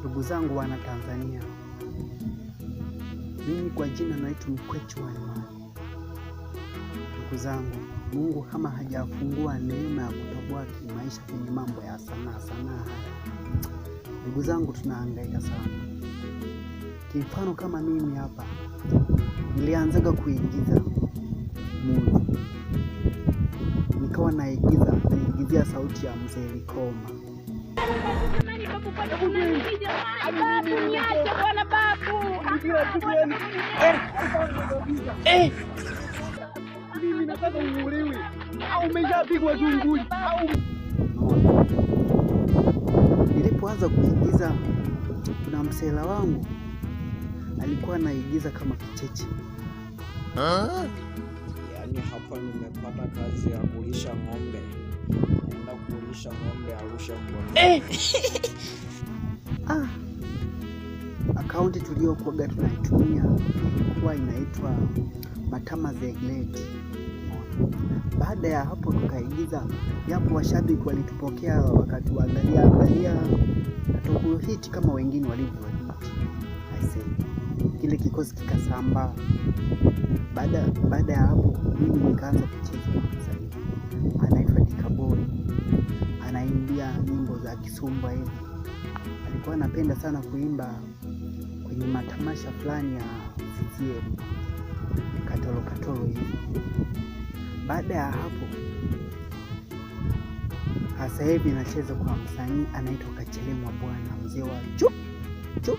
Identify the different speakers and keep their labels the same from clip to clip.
Speaker 1: Ndugu zangu wana Tanzania, mimi kwa jina naitwa Mkwechu wa Imani. Ndugu zangu, Mungu kama hajafungua neema ya kutoboa kimaisha kwenye mambo ya sanaa sanaa, ndugu zangu, tunahangaika sana. Kimfano kama mimi hapa nilianzaga kuingiza Mungu, nikawa naigiza naigizia sauti ya mzee Likoma Eh! mimi nataka uuliwe au umeshapigwa zunguli au nilipoanza kuigiza kuna msela wangu alikuwa anaigiza kama kicheche ah? yaani hapa nimepata kazi ya kulisha ng'ombe Arusha ng'ombe, Arusha eh! Ah, akaunti tuliokuaga tunaitumia kuwa inaitwa Matama the Baada ya hapo tukaigiza, japo washabiki walitupokea wakati waangalia angalia, hatukuhiti kama wengine walivyohiti. kile kikosi kikasambaa. Baada baada ya hapo mimi nikaanza kucheza anaitwa Dikaboni, anaimbia nyimbo za Kisumba hivi. Alikuwa anapenda sana kuimba kwenye matamasha fulani ya CCM katolo katolo hivi. Baada ya hapo, hasa hivi nacheza kwa msanii anaitwa Kachelemwa Bwana, mzee wa chu chu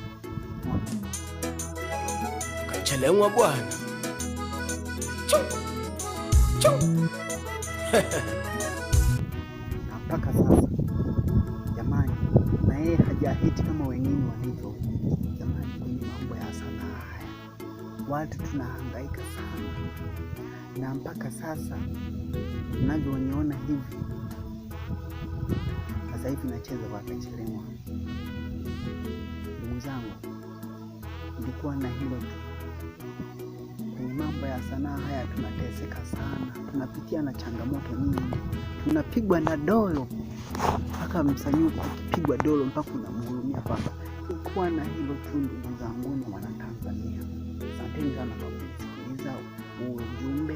Speaker 2: Kachelemwa Bwana chu chu na
Speaker 1: mpaka sasa jamani, na yeye hajaahidi kama wengine walivyo. Jamani, kwenye mambo ya sanaa haya watu tunahangaika sana, na mpaka sasa unavyoniona hivi sasa hivi nacheza kwa kachelemwa. Ndugu zangu, nilikuwa na hilo tu mambo ya sanaa haya tunateseka sana, tunapitia na changamoto nyingi, tunapigwa na doyo mpaka msanii ukipigwa doyo mpaka unamhurumia kwamba Ukuwa na hilo tu. Ndugu zanguni Mwanatanzania, asanteni sana kwa kusikiliza ujumbe.